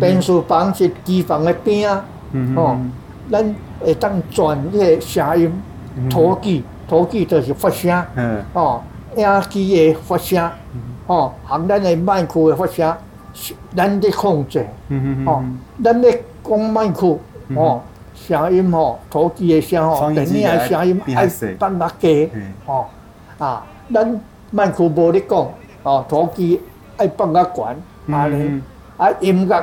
電視房是機房嘅邊啊，哦，咱會當轉呢個聲音，土機土機就是發聲，哦，壓機嘅發聲，哦，含咱嘅麥克嘅發聲，咱啲控制，哦，咱啲講麥克，哦，聲音哦，土機嘅聲哦，電音嘅聲音，要放較低，哦，啊，咱麥克冇咧講，哦，土機要放較懸，啊你啊音樂。